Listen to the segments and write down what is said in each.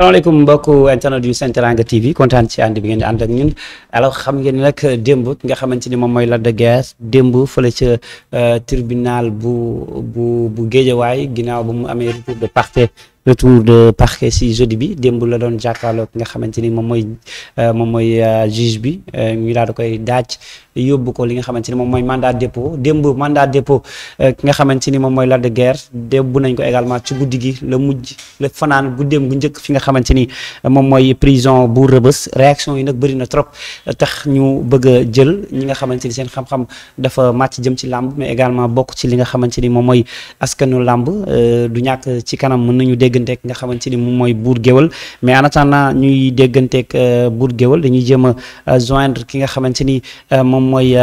salaamaaleykum mbokk internet yu Sen Teranga TV kontaan ci ànd bi ngeen di ànd ak ñun alors xam ngeen nag démb ki nga xamante ni moom mooy Lac de Guiers démb fële ca euh, tribunal bu bu bu Géejawaay ginnaaw ba mu amee retour de parquet retour de parquet si jeudi bi démb la doon jàkkaarloo ki nga xamante moom mooy euh, moom mooy euh, juge bi euh, ñu daal di koy daaj yóbbu ko li nga xamante ni moom mooy mandat dépôt démb mandat dépôt ki nga xamante ni moom mooy Lac de Guiers nañ ko également ci guddi gi la mujj la fanaan bu njëkk fi nga xamante ni moom mooy prison bu rëbës réaction yi nag bëri na trop tax ñu bëgg jël ñi nga xamante ni seen xam-xam dafa màcc jëm ci làmb mais également bokk ci li nga xamante ni moom mooy askanu làmb du ñàkk ci kanam mën nañu dégg dégganteek nga xamante ni moom mooy buur géwal mais en attendant ñuy dégganteek euh, buur géwal dañuy jéem a euh, joindre ki nga xamante ni euh, moom mooy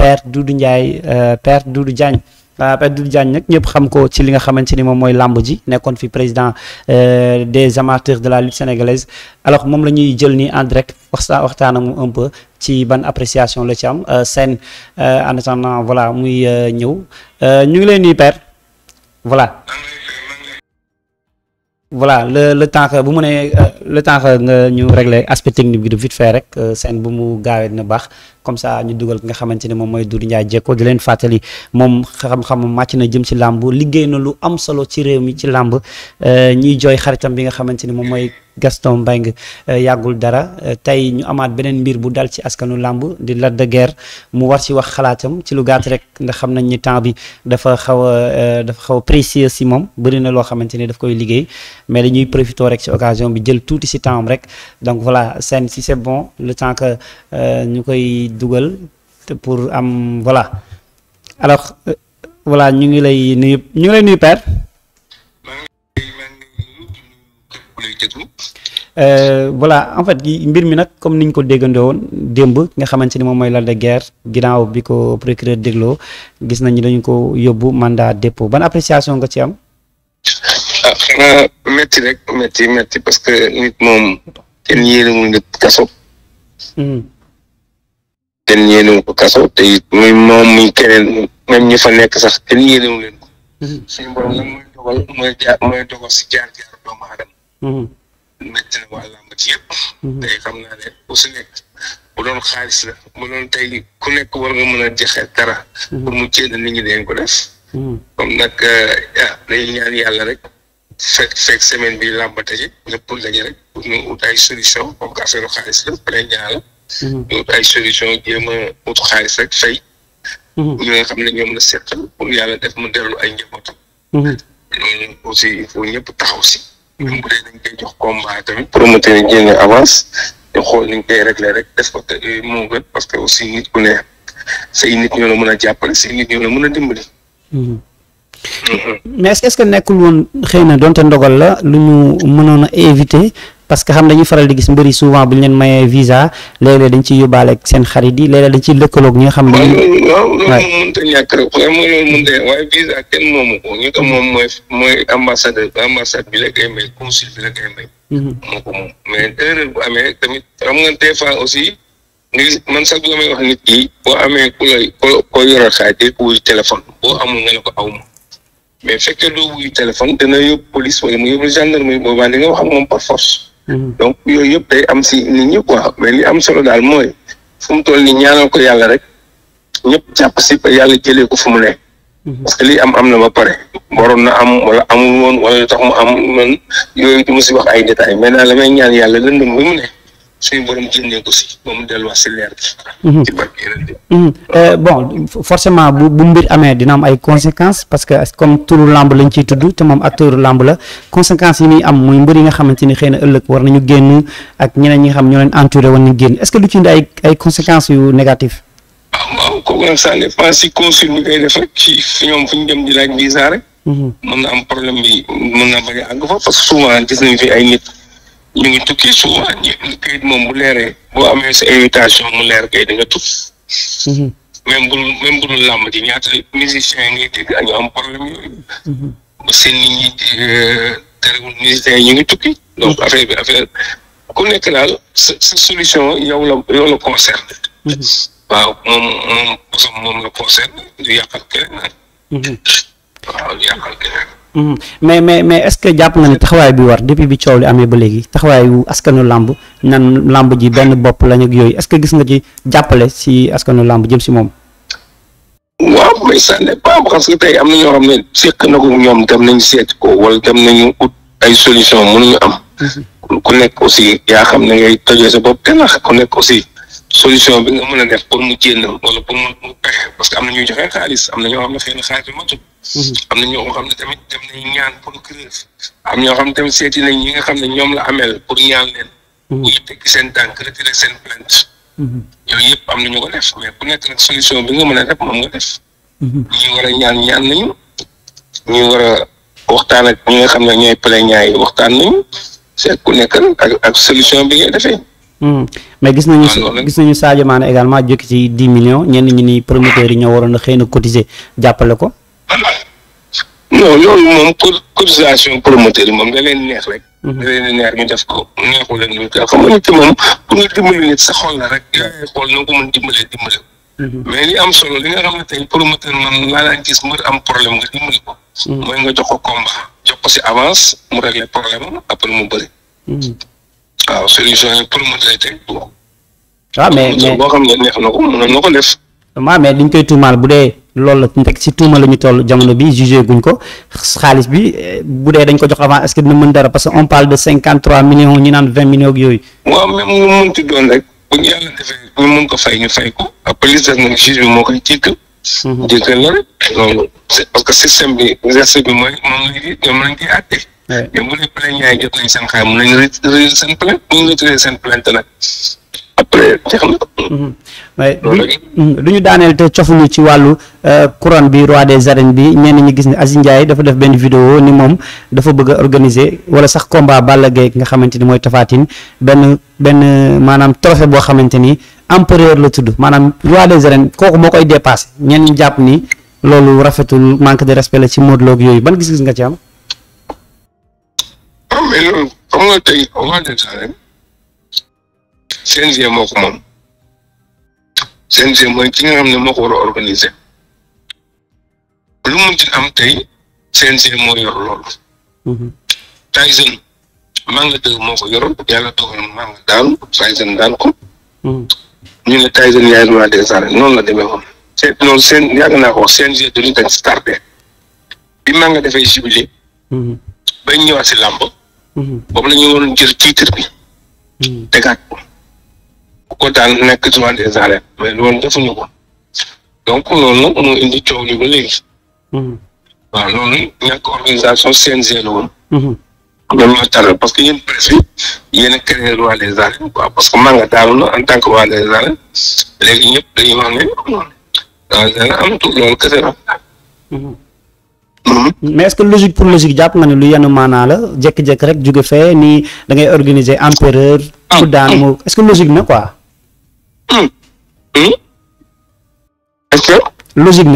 père Doudou Ndiaye père Doudou Diagne Père Doudou Diagne nag ñëpp xam ko ci li nga xamante ni moom mooy làmb ji nekkoon fi président des amateurs de la lutte sénégalaise alors moom la ñuy jël ni en direct waxtaan waxtaanam un peu ci ban appréciation la ci am seen en attendant voilà muy ñëw ñu ngi leen nuyu voilà. voilà le le temps bu mu nee euh, le temps que nga ñu regle aspect technique bi de vite fait rek euh, seen bu mu gaawee dina baax comme ça ñu dugal ki nga xamante ne moom mooy Doudou Ndiaye Diecko di leen fàttali moom xam-xam màcc na jëm ci làmb liggéey na lu am solo ci réew mi ci làmb euh, ñiy jooy xaritam bi nga xamante ni moom mooy Gaston Mbengue euh, yàggul dara euh, tey ñu amaat beneen mbir bu dal ci askanu làmb di Lac de Guiers mu war ci wax xalaatam ci lu gàtt rek nga xam nañ ni temps bi dafa xaw a dafa xaw a précieux si moom bëri na loo xamante ni daf koy liggéey mais dañuy profité rek ci occasion bi jël tuuti si temps rek donc voilà seen si c'est bon le temps ñu koy dugal te pour am voilà alors euh, voilà ñu ngi lay nuyu ñu ngi lay nuyu père. Euh, en fait mbir mi nag comme niñ ko déggandoo woon démb nga xamante ni moom mooy Lac de Guiers ginnaaw bi ko procureur dégloo gis nañu dañu ko yóbbu mandat dépôt ban appréciation nga ci am. ah xanaa rek métti métti parce que nit moom kaso. Hmm. kenn yéenewu ko kaso te it muy moom muy keneen fa nekk sax kenn yéenewu leen ko. Mhm. suñu borom mooy dogal mooy jaar mooy dogal si jaar jaar doomu aadama. métti mhm. mhm. naa ne ku si nekk bu xaalis la bu doon tey ku nekk war nga mën a joxe dara. pour mu jéem nit ñi dañ ko def. comme nag euh, ah ñaan yàlla rek. fekk fekk semaine bi làmb daje ñëpp daje rek pour ñu ut xaalis la pare ñaar la. wut mm-hmm. ay solution jéem a wut xaalis rek fay. Mm-hmm. ñi xam ne ñoom la seqal pour yàlla def mu dellu ay njabootam. Mm-hmm. aussi il faut ñëpp taxaw si. même bu dee dañ koy jox combat tamit promoteur yi génne avance ñu xool ni ñu koy réglé rek def ko te moo gën parce que aussi nit ku ne say nit ñoo la mën a jàppale say nit ñoo la mën a dimbali. mais est-ce que nekkul woon xëy na donte ndogal la lu ñu mënoon a éviter parce que xam ñu faral di gis mbëri souvent bu ñu leen mayee visa léeg-léeg dañ ciy yóbbaale ak seen xarit yi léeg dañ ciy lëkkaloog ñi nga xam ne. waaw loolu mënut a ñàkk mooy loolu mënut a moom mhm. moom mais erreur bu amee tamit xam nga des fois aussi. ngir man sax bi may wax nit ki boo amee ku lay ko ko yoral xaaj ko wuy téléphone boo amul nga ne ko aw ma mais fekkee doo wuyu téléphone dana yóbbu police wala mu yóbbu gendarmerie boobaa di nga wax ak moom par force. Hmm. donc yooyu yëpp te am si nit ñi quoi mais li am solo daal mooy fu mu toll nii ñaanal ko yàlla rek ñëpp jàpp si ba yàlla jëlee ko fu mu ne. Hmm. que lii am am na ba pare waroon na am wala am woon wala tax mu am man yooyu du ma si wax ay détails mais daal la may ñaan yàlla lëndëm bi mu ne. suñu borom génnee ko si mhm. mhm. euh, bon forcément bu bu mbir amee dina am ay conséquence parce que comme turu lamb lañ ciy tudd te moom acteur lamb la conséquence yi muy am muy mbir yi nga xamante ni xëy na ëllëg war nañu génn ak ñeneen ñi nga xam ñoo leen entouré woon nañu génn est-ce que lu ci indi ay ay conséquences yu négatives. Ah, waaw kooku nag ça dépend si mhm. na am problème bi mën naa bëgg a àgg fa parce souvent gis nañ fi ay nit. ñu ngi tukki souvent kayit moom bu leeree boo amee sa invitation mu leer kay di nga tukki. Mhm. même bu même bu dul làmb ji ñaata musiciens yi ngay am problème yooyu. Mhm. ba seen nit ñi euh, terewul ñu ngi tukki. donc mhm. affaire bi affaire ku nekk daal sa solution yow la yow la concerne. waaw moom moom moom la concerne du yàqal keneen. waaw du yàqal keneen. Mhm. mais mais mais est-ce que jàpp nga ne taxawaay bi war depuis bi coow li amee ba léegi taxawaayu askanu làmb nan làmb ji benn bopp lañ ak yooyu est-ce que gis nga ci jàppale si askanu làmb jëm si moom. waaw mais ça n'est pas parce tey am na ñoo xam ne seq na ko ñoom dem nañu seet ko wala dem nañu ut ay solution ñu am. Mhm. ku nekk aussi yaa xam ne ngay tojee sa bopp te ndax ku nekk aussi solution bi nga mën a def pour mu génn wala pour mu pexe parce que am na ñuy joxe xaalis am na ñoo xam ne xëy na xaalis bi matul. Mhm. am na ñoo xam ne tamit dem nañ ñaan pour crève am ñoo xam ne tamit seeti nañ ñi nga xam ne ñoom la ameel pour ñaan leen. bu mhm. ñu tekki seen tànk retiré seen plainte. Mhm. yooyu yëpp am na ñu ko def mais ku nekk nag solution bi nga mën a def moom nga def. ñi war a ñaan ñaan nañu ñi war a waxtaan ak ñi nga xam ne ñooy plaignants yi waxtaan nañu seet ku nekk ak ak solution bi ngay defee. Hmm. mais gis nañu ah, gis nañu Sadio Mané également jëkk ci dix millions ñenn ñi ni promoteurs yi ñoo waroon na xëy na cotiser jàppale ko. non loolu moom cotisation promoteur yi moom da leen neex rek. Hmm. da leen neex ñu def ko neexu leen ñu ko xam nga nit ki moom sa xol la rek yaay ko mën dimbalee dimbali ko. Hmm. mais li am solo li nga xam na tey promoteur man laa daan gis mbër am problème nga dimbali ko. mooy nga jox ko combat jox ko si avance mu régler problème am après mu bëri. waaw solution yi pour mu tey tey bon. waaw ah, mais boo xam ne neex na ko mën na ko def. waaw mais diñ koy tuumaal bu dee loolu la nekk si tuuma la ñu toll jamono bi jugé guñ ko xaalis bi eh, bu dee dañ ko jox avant est-ce dina mën dara parce que on parle de cinquante trois millions ñu naan vingt millions ak yooyu. waaw même mu munti doon rek bu ñu yàlla defee bu mun ko fay ñu fay ko après li des nag juge bi moo koy jiital. Mhm. jiital la rek parce que système bi geste bi mooy mais bu dee plainte yaay jot nañ seen du ñu daaneel te cofuñu ci wàllu euh, couronne bi roi des arènes bi ñenn ñi gis ni Aziz Ndiaye dafa def benn vidéo ni moom dafa bëgg a organiser wala sax combat Balla Gaye nga xamante ni mooy tafaatin benn benn maanaam trophée boo xamante ni empereur la tudd maanaam roi des arènes kooku moo koy dépassé ñenn ñi jàpp ni loolu rafetul manque de respect la ci Modou Lo yooyu ban gis-gis nga ci am. mais loolu xam nga tey roi des arènes CNG moo ko moom CNG mooy ki nga xam ne moo ko war a organiser lu mu ci am tey CNG moo yor lool mhm. Tyson Manga 2 moo ko yoroon yàlla dogal Manga daanu Tyson daan ko. Mhm. ñu ne Tyson yaay roi noonu la demee woon. seen loolu seen yàgg naa ko CNG du ñu dañ si tardé bi Manga defee jubilé. Mhm. bañ ñëwaat si làmb. moom la ñu waroon jël titre bi. Hmm. tegaat ko ku ko daan nekk droit des arènes mais loolu defuñu ko donc loolu nag moo indi coow li ba hmm. waaw loolu ñàkk organisation CNG la woon. loolu moo taral parce que yéen presse bi yéen a créé roi des arènes parce que maa nga daanu na en tant que roi des arènes léegi ñëpp dañuy wax ne roi des arènes amatul loolu mais est-ce que logique pour logique jàpp nga ne lu yenn maanaa la jékki-jékki rek jóge fee nii da ngay organiser empereur. ku daan mu est-ce na quoi.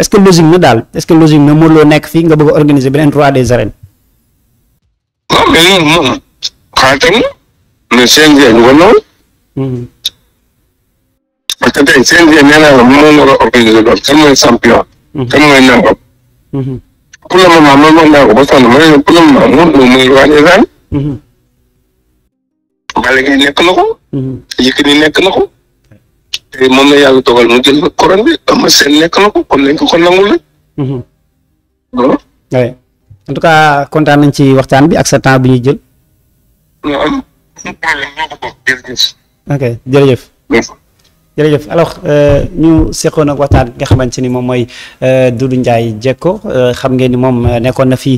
est-ce na daal est-ce que logique na Modou Lo nekk fii nga bëgg a organiser beneen roi des arènes. ko noonu. Hmm. parce pour le moment man wax naa ko ba sonn ma ne pour le moment Modou mu ngi wàññi nekk na ko. Yékini nekk na ko. moom la yàlla dogal mu jël couronne bi Eumeu Sène nekk na ko kon nañ ko ko nangul rek. voilà. Mhm. oui en tout kontaan nañ ci waxtaan bi ak sa temps bi ñuy jël. ñu jërëjëf alors euh, ñu seqoon ak waxtaan nga xamante ni moom mooy euh, Doudou Ndiaye Diecko euh, xam ngeen ni moom nekkoon na fi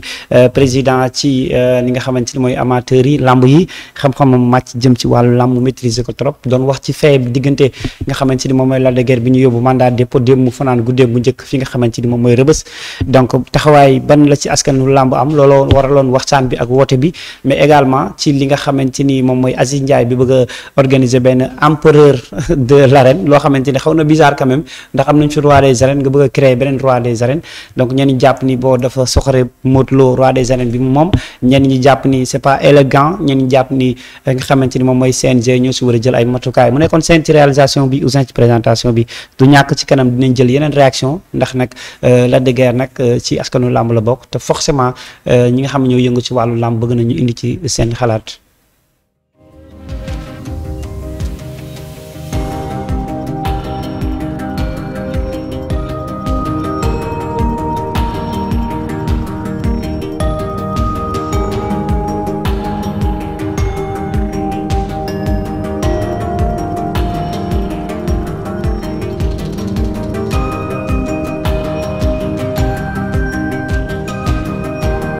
président ci li nga xamante ni mooy amateurs yi lamb yi xam-xamam màcc jëm ci wàllu lamb maîtriser ko trop doon wax ci fee diggante nga xamante ni moom mooy Lac de Guiers bi ñu yóbbu mandaa dépôt démb mu fanaan guddee bu njëkk fi nga xamante ni moom mooy rëbës donc taxawaay ban la ci askanu lamb am looloo waraloon waxtaan bi ak woote bi mais également ci li nga xamante ni moom mooy Aziz Ndiaye bi bëgg a benn empereur de l'arène arènes loo xamante ni xaw na bizarre quand même ndax am nañ fi roi des arènes nga bëgg créer beneen roi des arènes donc ñenn ñi jàpp ni boo dafa soxore Modou roi des arènes bi moom ñenn ñi jàpp ni c'est pas élégant ñenn ñi jàpp ni euh, nga xamante moom mooy CNG ñoo si war a jël ay matukaay mu nekkoon seen ci réalisation bi usin ci présentation bi du ñàkk ci kanam dinañ jël yeneen réaction ndax nag euh, Lac de Guiers nag euh, ci askanu làmb la bokk te forcément ñi nga xam ne ñoo yëngu ci wàllu làmb bëgg nañu indi ci seen xalaat